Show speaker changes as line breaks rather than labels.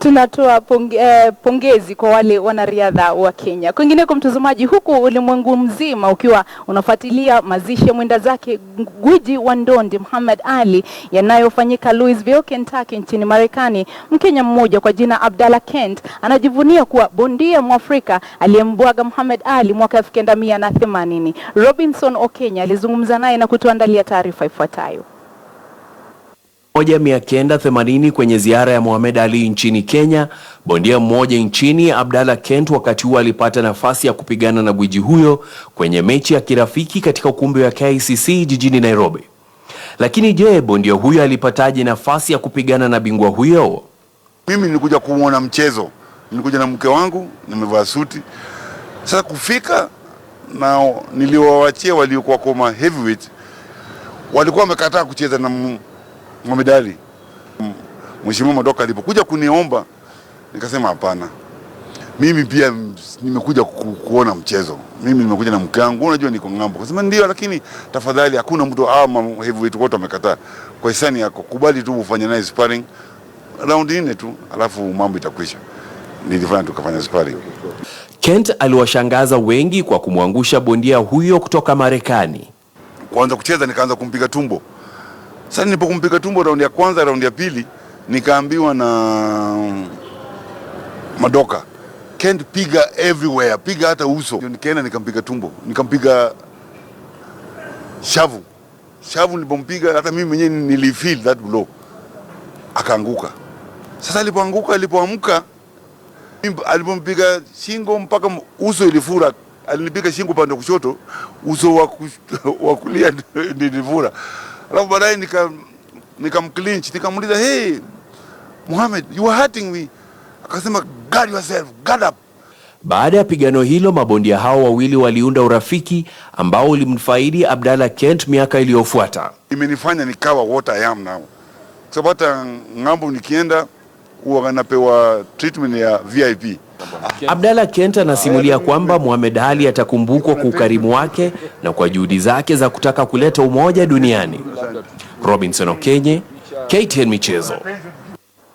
Tunatoa ponge, eh, pongezi kwa wale wanariadha wa Kenya. kwa mtazamaji, huku ulimwengu mzima ukiwa unafuatilia mazishi ya mwenda zake gwiji wa ndondi Muhammad Ali yanayofanyika Louisville, Kentucky nchini Marekani, Mkenya mmoja kwa jina Abdalla Kent anajivunia kuwa bondia Mwafrika aliyembwaga Muhammad Ali mwaka elfu kenda mia na themanini. Robinson Okenya alizungumza naye na kutuandalia taarifa ifuatayo
moja mia kenda themanini kwenye ziara ya Mohamed Ali nchini Kenya. Bondia mmoja nchini Abdalla Kent wakati huo alipata nafasi ya kupigana na gwiji huyo kwenye mechi ya kirafiki katika ukumbi wa kcc jijini Nairobi. Lakini je, bondia huyo alipataje nafasi ya kupigana na bingwa huyo?
Mimi nilikuja kuona mchezo, nilikuja na mke wangu, nimevaa suti. Sasa kufika na niliwawachia waliokuwa kwa heavyweight walikuwa wamekataa kucheza na Mohamed Ali. Hmm. Mheshimiwa Madoka alipokuja kuniomba nikasema hapana, mimi pia nimekuja ku, kuona mchezo. Mimi nimekuja na mke wangu, unajua niko ng'ambo. Kasema ndio, lakini tafadhali, hakuna mtu ah, vitu wote wamekataa, kwa hisani yako kubali tu ufanye naye sparring round nne tu, alafu mambo itakwisha. Nilifanya tukafanya sparring.
Kent aliwashangaza wengi kwa kumwangusha bondia huyo kutoka Marekani.
Kwanza kucheza nikaanza kumpiga tumbo sasa nilipokumpiga tumbo raundi ya kwanza, raundi ya pili nikaambiwa na Madoka, can't piga everywhere, piga hata uso. Nikaenda nikampiga tumbo, nikampiga shavu shavu. Nilipompiga hata mimi mwenyewe nilifeel that blow, akaanguka. Sasa alipoanguka, alipoamka, alipompiga shingo mpaka uso ilifura. Alinipiga shingo pande kushoto, uso wa kulia nilifura. Alafu baadaye nika nikamclinch nikamuuliza, hey Mohamed, you are hurting me. Akasema guard yourself, guard up.
Baada ya pigano hilo mabondia hao wawili waliunda urafiki ambao ulimfaidi Abdalla Kent miaka iliyofuata.
Imenifanya nikawa what I am now, sababu hata ng'ambo nikienda huwa anapewa treatment ya VIP.
Abdalla Kent anasimulia kwamba Muhammad Ali atakumbukwa kwa ukarimu wake na kwa juhudi zake za kutaka kuleta umoja duniani. Robinson Okenye, KTN Michezo.